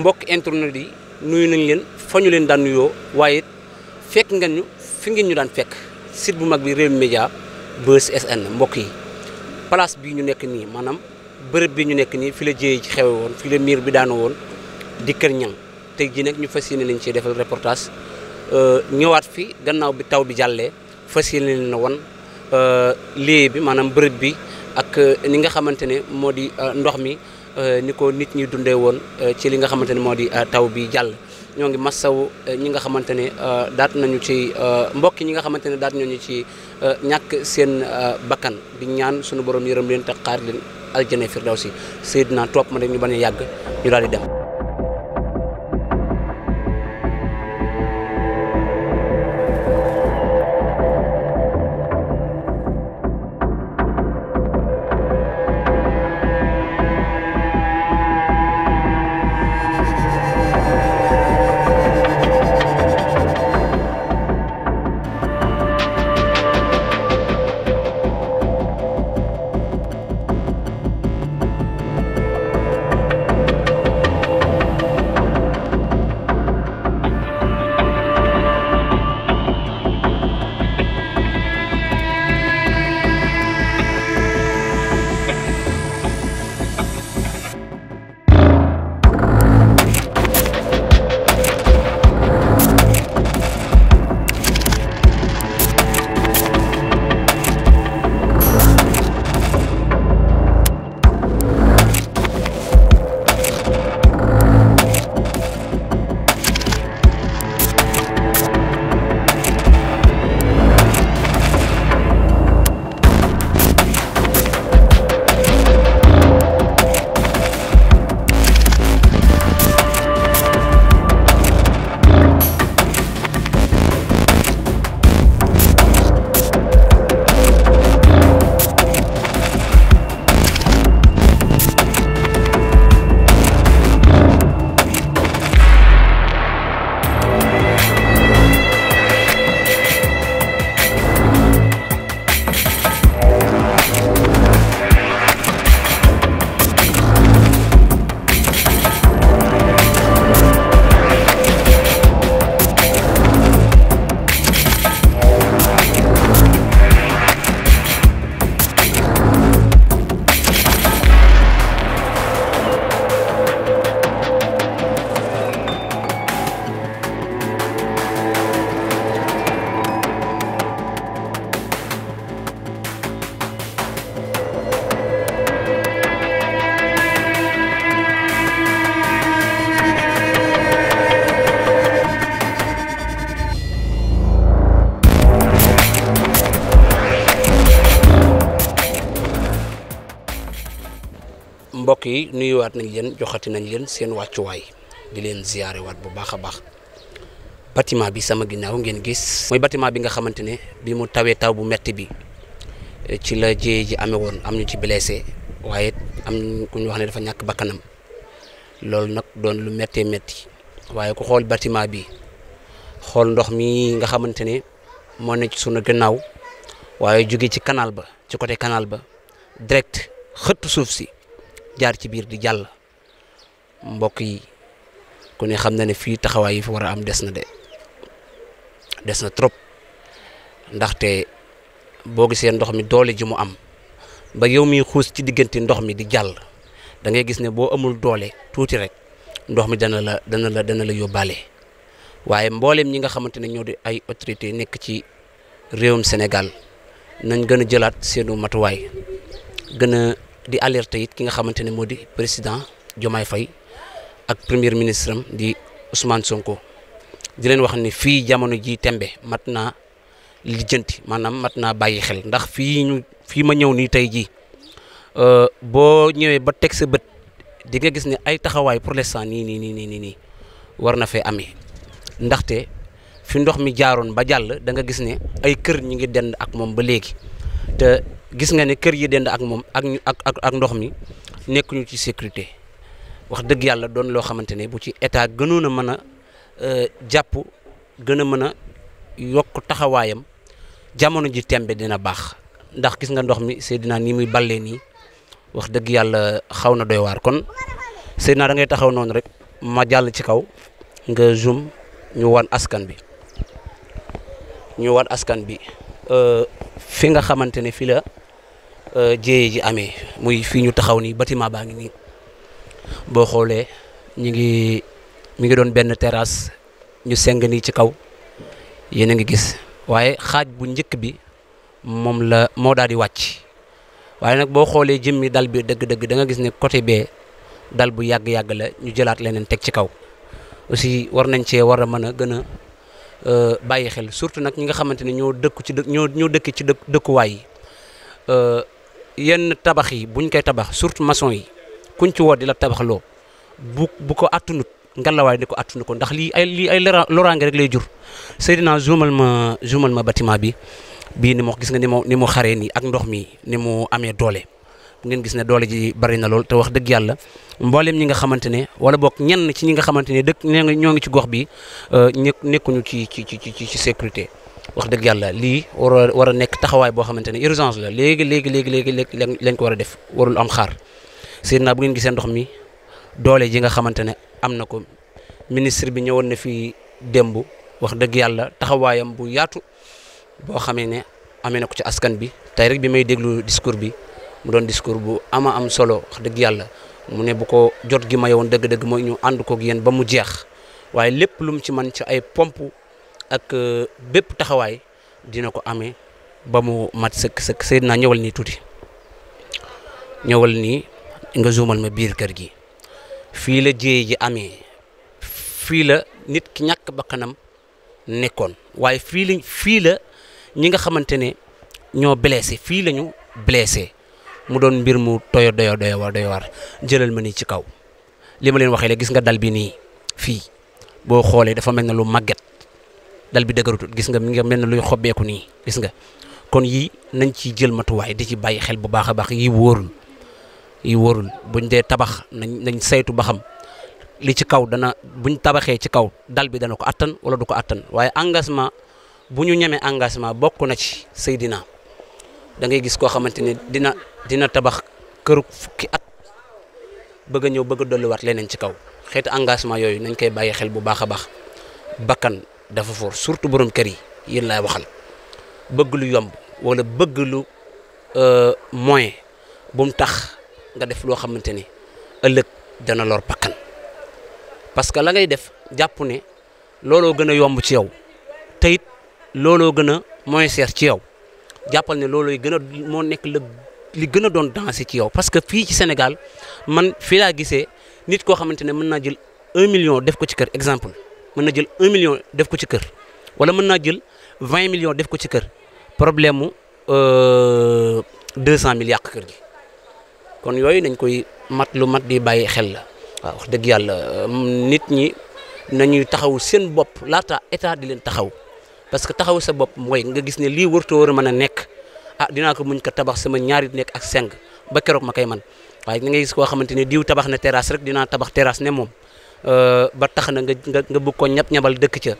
mbokk internet yi nuyu nañ leen fa ñu leen daan nuyoo waaye fekk ngeen ñu fi ngeen ñu daan fekk site bu mag bi réew Média Buzz SN mbokk yi place bi ñu nekk nii maanaam bërëb bi ñu nekk nii fi la jéyee ci xewe woon fi la miir bi daano woon di Kër Ñang tey ji nag ñu fas yéene leen ci defal reportage euh, ñëwaat fi gannaaw bi taw bi jàllee fas yéene leen na wan euh, lieu bi maanaam bërëb bi ak euh, ni nga xamante ne moo di ndox mi Euh, ni ko nit ñi dundee woon euh, ci li nga xamante ne moo di euh, taw bi jàll ñoo ngi massaw ñi nga xamante ne daat nañu ci mbokk ñi nga xamante ne daat nañu ci ñàkk seen bakkan di ñaan sunu borom yërëm leen te xaar leen aljana firdawsi Seydina topp ma ñu bañ a yàgg ñu daal di dem mbokk yi nuyuwaat nañ leen joxati nañ leen seen wàccuwaay di leen waat bu baax a baax bâtiment bi sama ginnaaw ngeen gis. mooy bâtiment bi nga xamante ne bi mu tawee taw bu metti bi eh, ci la jéye ji amee woon am ñu ci blessé waaye am ku ñu wax ne dafa ñàkk bakkanam loolu nag doon lu méttee métti waaye ku xool bâtiment bi xool ndox mi nga xamante ne moo ne ci sunu gannaaw waaye jóge ci kanaal ba ci côté kanaal ba direct xët suuf si. jaar ci biir di jàll mbokk yi ku ne xam na ne fii taxawaay yi fi war a am des na de des na trop ndaxte boo gisee ndox mi doole ji mu am ba yow mi xuus ci diggante ndox mi di jàll da ngay gis ne boo amul doole tuuti rek ndox mi dana la dana la yóbbaale waaye mbooleem ñi nga xamante ne ñoo di ay autorité nekk ci réewum Sénégal nañ gën a jëlaat seenu matuwaay gën di alerte it ki nga xamante ne moo di président jomay fay ak premier ministre am di Ousmane Sonko di leen wax ni fii jamono ji tembe mat naa lijjanti maanaam mat naa bàyyi xel ndax fii fii ma ñëw nii tey jii euh, boo ñëwee ba teg sa bët di nga gis ne ay taxawaay pour l'instant nii nii nii nii nii war na fee amee ndaxte fi ndox mi jaaroon ba jàll da nga gis ne ay kër ñu ngi dend ak moom ba léegi te gis nga ne kër yi dend ak moom ak ak ak ak ndox mi nekkuñu ci sécurité wax dëgg yàlla doon loo xamante ne bu ci état gënoon a mën a euh, jàpp gën a mën a yokk taxawaayam jamono ji tembe dina baax ndax gis nga ndox mi Seydina ni muy ballee nii wax dëgg yàlla xaw na doy waar kon Seydina da ngay taxaw noonu rek ma jàll ci kaw nga zoom ñu wan askan bi ñu wan askan bi euh, fi nga xamante fi la Euh, jéeye ji amee muy fii ñu taxaw nii bâtiment baa ngi nii boo xoolee ñu ngi mu ngi doon benn terrasse ñu seng nii ci kaw yéen a ngi gis waaye xaaj bu njëkk bi moom la moo daal di wàcc waaye nag boo xoolee jëmmi dal bi dëgg-dëgg danga gis ne côté bee dal bu yàgg-yàgg la ñu jëlaat leneen teg ci kaw aussi war nañ cee war a mën a gën a euh, bàyyi xel surtout nag ñi nga xamante ne ñoo dëkk ci dë ñoo ñoo dëkk ci dë dëkkuwaay yi euh, yenn tabax yi buñ koy tabax surtout maçon yi kuñ ci woo di la tabax loo bu bu ko attunut ngalawaay di ko attunu ko ndax lii ay ay loraange rek lay jur Seydina zoomal ma zoomal ma batiment bi bii ni mo gis nga ni mu ni mu xaree nii ak ndox mi ni mu amee doole bu ngeen gis ne doole ji bari na lool te wax dëgg yàlla mboolem ñi nga xamante ne wala boog ñenn ci ñi nga xamante ne dëkk ñoo ngi ci gox bi euh, nekkuñu ci ci ci ci sécurité. wax dëgg yàlla lii war a war nekk taxawaay boo xamante ne urgence la léegi léegi léegi léegi léegi lañ ko war a def warul am xaar seen naa bu ngeen gisee ndox mi doole ji nga xamante ne am na ko ministre bi ñëwoon na fii démb wax dëgg yàlla taxawaayam bu yaatu boo xamee ne amee na ko ci askan bi tey rek bi may déglu discours bi mu doon discours bu ama am solo wax dëgg yàlla mu ne bu ko jot gi mayoon dëgg-dëgg mooy ñu ànd koog yéen ba mu jeex waaye ak euh, bépp taxawaay dina ko ame ba mu mat sëkk sëkk Seydina ñëwal nii tuuti ñëwal nii nga zoomal ma biir kër gi fii la jéey ji amee fii la nit ki ñàkk bakkanam nekkoon waaye fii la fii la ñi nga xamante ne ñoo blessé fii lañu ñu mu doon mbir mu toyo doyo doyo war doyo war jëlal ma nii ci kaw li ma leen waxee la gis nga dal bi nii fii boo xoolee dafa mel ne lu màgget dal bi dëgërutut gis nga mi nga mel ne luy xobbeeku nii gis nga kon yii nañ ci jël matuwaay di ci bàyyi xel bu baax a baax yi wóorul yi wóorul buñ dee tabax nañ nañ saytu ba xam li ci kaw dana buñ tabaxee ci kaw dal bi dana ko attan wala du ko attan waaye engagement bu ñu ñemee engagement bokk na ci Seydina da ngay gis koo xamante ne dina dina tabax kër fukki at bëgg ñëw bëgg a dolliwaat leneen ci kaw xeeti engagement yooyu nañ koy bàyyi xel bu baax a baax bakkan dafa foor surtout borom kër yi yéen laay waxal bëgg lu yomb wala bëgg lu euh, moyen bu tax nga def loo xamante ni ëllëg dana lor bakkan parce que la ngay def jàpp ne looloo gën a yomb ci yow te it looloo gën a moyen cher ci yow jàppal ne loolooy gën a moo nekk la li gën a doon dansé ci yow parce que fii ci Sénégal man fii laa gisee nit koo xamante ne mën naa jël un million def ko ci kër exemple mën na jël un million def ko ci kër wala mën naa jël 20 millions def ko ci kër problème mu 200 euh, mille yàq kër gi kon yooyu nañ koy mat lu mat di bàyyi xel la waaw wax dëgg yàlla euh, nit ñi nañuy taxaw seen bopp laata état di leen taxaw parce que taxaw sa bopp mooy nga gis ne lii warto war a mën a nekk ah dinaa ko muñ ko tabax sama ñaari nekk ak seng ba keroog ma koy man waaye da ngay gis koo xamante ne diw tabax na terrasse rek dinaa tabax terrasse ne moom. Euh, ba tax na nga nga bëgg ko ñab ñabal dëkk ca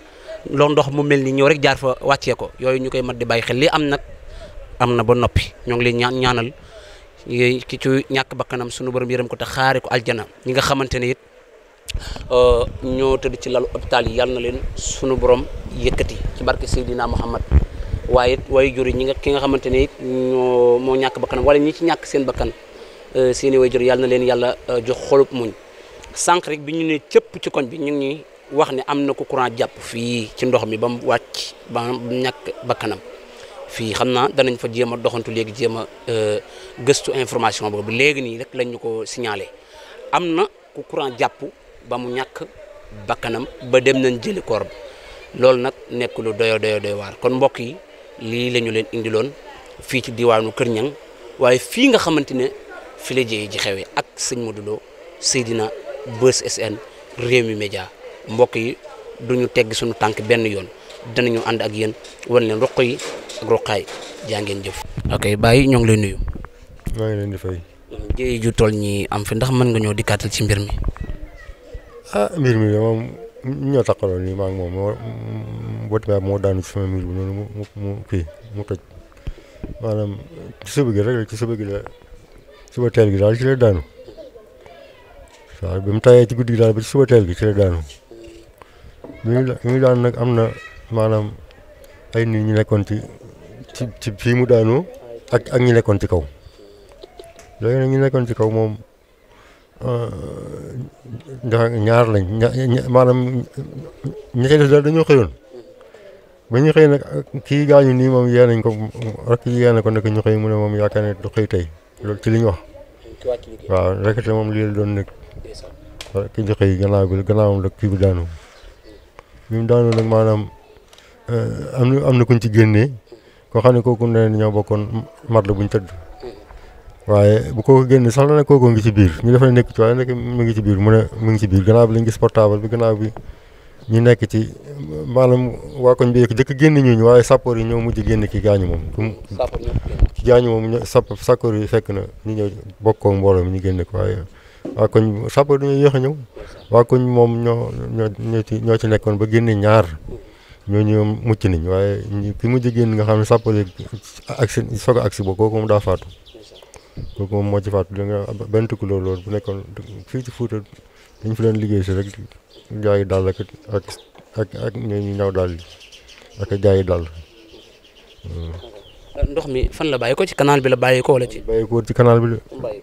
ndox mu mel ni ñëw rek jaar fa wàccee ko yooyu ñu koy mat di bàyyi xel li am nag am na ba noppi ñoo ngi leen ñaan ñaanal ki ci ñàkk bakkanam sunu borom yërëm ko te xaare ko aljana ñi nga xamante ne it euh, ñoo tëdd ci lalu hôpital yi yàlla na leen sunu borom yëkkati ci barke Seydina Muhammad waaye it waaye jur ñi nga ki nga xamante ne ñoo moo ñàkk bakkanam wala ñi ci ñàkk seen bakkan euh, seeni way jur yàlla na leen yàlla jox xolub muñ sànq rek bi ñu ne cëpp ci koñ bi ñu ngi ñuy wax ne am na ku courant jàpp fii ci ndox mi ba mu wàcc ba mu ñàkk bakkanam fii xam naa danañ fa jéem a doxantu léegi jéem a euh, gëstu information boobu léegi nii rek lañ ñu ko signalé am na ku courant jàpp ba mu ñàkk bakkanam ba dem nañ jëli koor bi loolu nag nekk lu doyo doyo doy waar kon mbokk yi lii lañu ñu leen indiloon fii ci diwaanu Kër Ñang waaye fii nga xamante ne fi la jëye ji xewee ak sëñ Modou Lo Seydina Buzz SN Rewmi Média mbokk yi duñu tegg suñu tànk benn yoon danañu ànd ak yéen wan leen roq yi ak roqaay jëf. ok Baye ñoo ngi lay nuyu. maa ngi leen di fay. jëye ju toll ñi am fi ndax mën nga ñoo dikkaatal ci mbir mi. ah mbir mi ñoo taxaloon nii maa ngi moom moo bâtiment bi moo daanu ci sama mu mu mu kii mu toj ci suba gi rek ci suba gi la suba teel gi daal ci la daanu. waaw bi mu tawee ci guddi gi daal ba ci suba teel gi ci la daanu bi muy daan nag am na maanaam ay nit ñu nekkoon ci ci ci fii mu daanoo ak ak ñi nekkoon ci kaw léegi nag ñu nekkoon ci kaw moom ndax euh, ñaar lañ maanaam ñi koy def daal dañoo xëyoon ba ñu xëy nag kii gaañu nii moom yee nañ ko rek yee na ko nekk ñu xëy mu ne moom yaakaar ne du xëy tey loolu ci li ñu wax waaw rek moom lii la doon nekk. ki di xëy gannaaw gi gannaawam rek kii bi daanu bi mu nag maanaam eh, am na am na kuñ ci génnee koo xam ne kooku nee ñoo bokkoon mat la buñ tëdd waaye bu kooku génnee sax la ne kooku ngi ci biir ñu def ne nekk ci waaye nekk mu ngi ci biir mu ne mu ngi ci biir gannaaw bi lañ gis portable bi gannaaw bi ñu nekk ci maanaam waa koñ bi jëkk génn ñooñu waaye sappoor yi mu mujj génn ki gaañu moom. ki gaañu moom sappoor yi fekk na ñu ñëw bokkoo mbooloo mi ñu génn ko waa koñ sapeur dañoo yéex a ñëw waa koñ moom ñoo ñoo ñoo ci nekkoon ba génne ñaar ñooñu mucc nañ waaye ki mujj génn nga xam ne sapeur yi ak si soog a agsi ba daa faatu moom moo ci faatu da nga benn tukkuloo loolu bu nekkoon fii ci Fuuta dañ fi doon liggéey si rek jaayi dàll ak ak ak ñooñu ñaw dàll yi ak jaayi dàll ndox mi fan la bàyyi ko ci kanaal bi la bàyyi ko wala ci. bàyyi ko ci canal bi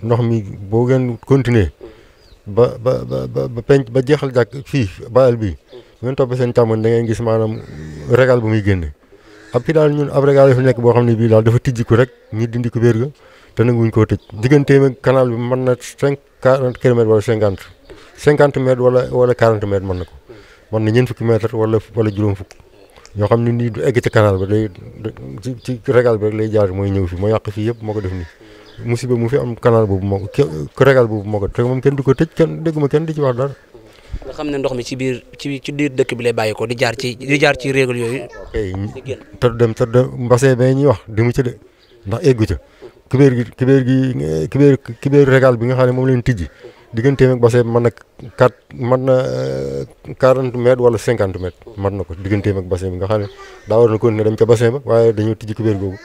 ndox mi boo ngeen continuer mm. ba ba ba ba jeexal jàkk fii baal bi ngeen topp seen càmmoñ da ngay gis maanaam régal bu muy génne ab fii daal ñun ab régal dafa nekk boo xam ne bii daal dafa tijji rek ñu dindi ko béer ga te nanguwuñ koo tëj digganteem mën na cinq quarante kilomètres wala cinquante cinquante wala wala quarante mën na ko mm. mën na ñeent fukki wala wala juróom fukk. yoo xam ne nii du egg ci canal ba day ci ci régal bi rek lay jaar mooy ñëw fi moo yàq fii yëpp moo ko def nii musiba mu fi am canal boobu moo ko régal boobu moo ko te moom kenn du ko tëj kenn dégguma kenn di ci wax ne ndox mi ci biir ci biir dëkk bi lay bàyyi di jaar ci di jaar ci régal yooyu. te dem te dem mbasee bee ñuy wax di mu ci de ndax eggu ca kubéer gi kubéer gi kubéer kubéer régal bi nga xam ne moom leen tijji. digganteem ak bassin mën na quatre mën na euh, quarante mètres wala cinquante mètres mën na ko digganteem ak bassin bi nga xam ne daa war na continuer dem ca bassin ba waaye dañoo tijji kubéer googu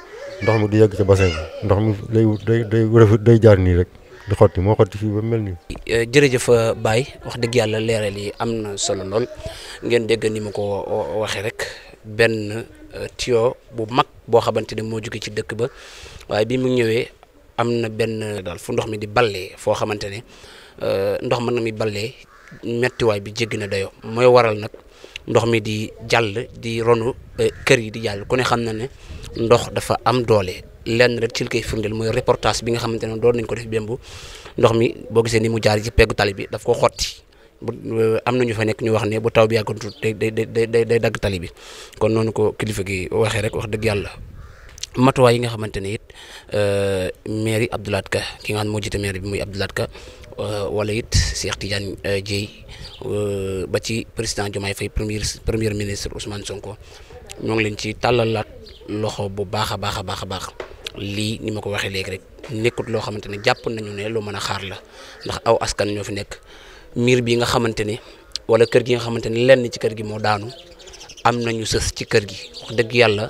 ndox mi du yegg ca bassin bi ndox mi day day day day jaar nii rek di xotti moo xotti fii ba mel nii. Euh, jërëjëf euh, Baye wax dëgg yàlla leeral yi am na solo lool ngeen dégg ni ma ko waxee rek benn tiyo bu mag boo xamante ne moo jóge ci dëkk ba waaye bii mu ñëwee am na benn daal fu ndox mi di ballee foo xamante ne. Euh, ndox mën na mi ballee mettiwaay bi jéggi na dayoo mooy waral nag ndox mi di jàll di ronu euh, kër yi di jàll ko ne xam na ne ndox dafa am doole lenn rek ci li koy firndeel mooy reportage bi nga xamante ne doon nañ ko def bémb ndox mi boo gisee ni mu jaar ci peggu tali bi daf ko xotti euh, am na ñu fa nekk ñu wax ne bu taw bi yàggantu day day day day dagg tali bi kon noonu ko kilifa gi waxee rek wax dëgg yàlla matuwaay yi nga xamante ne it euh, mairie Abdou Lahad Ka ki nga xam moo jiite mairie bi muy Abdou Lahad Ka euh, wala it Cheikh Tidiane euh, Dièye ba ci président Diomaye Faye premier premier ministre Ousmane Sonko ñoo ngi leen ci tàllalaat loxo bu baax a baax a baax a baax lii ni ma ko waxee léegi rek nekkut loo xamante ne jàpp nañu ne loo mën a xaar la ndax aw askan ñoo fi nekk miir bi nga xamante ne wala kër gi nga xamante ne lenn ci kër gi moo daanu am nañu sës ci kër gi wax dëgg yàlla.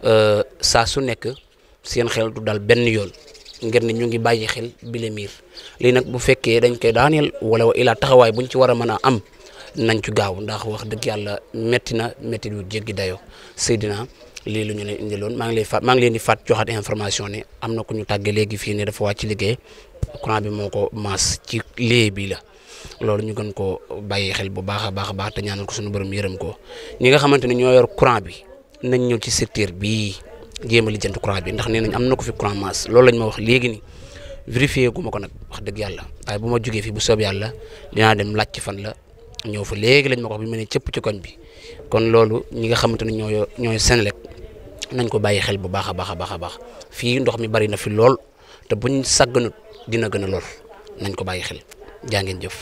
Euh, saa su nekk seen xel du dal benn yoon ngir ne ñu ngi bàyyi xel bile miir lii nag bu fekkee dañ koy daaneel wala ilaa taxawaay buñ ci war a mën a am nañ ci gaaw ndax wax dëgg yàlla métti na métti du jéggi dayoo Seydina lii lu ñu leen indiloon maa ngi lay faat maa ngi leen di faat joxaat information ne am na ku ñu tàggee léegi fii ne dafa ci liggéey courant bi moo ko maas ci lee bi la loolu ñu gën ko bàyyi xel bu baax a baax a baax te ñaanal ko suñu borom yërëm ko ñi nga xamante ñoo yor courant bi. nañ ñëw ci secteur bii jéem a lijjanti courant bi ndax nee am na ko fi courant masse loolu lañ ma wax léegi ni vérifié guma ko nag wax dëgg yàlla waaye bu ma jógee fii bu soob yàlla dinaa dem laaj ci fan la ñëw fa léegi lañ ma ko wax bi ma ne cëpp ci koñ bi kon loolu ñi nga xamante ne ñooy ñooy Senelec nañ ko bàyyi xel bu baax a baax a baax a baax fii ndox mi bari na fi lool te buñ sàgganut dina gën a lool nañ ko bàyyi xel jaa ngeen jëf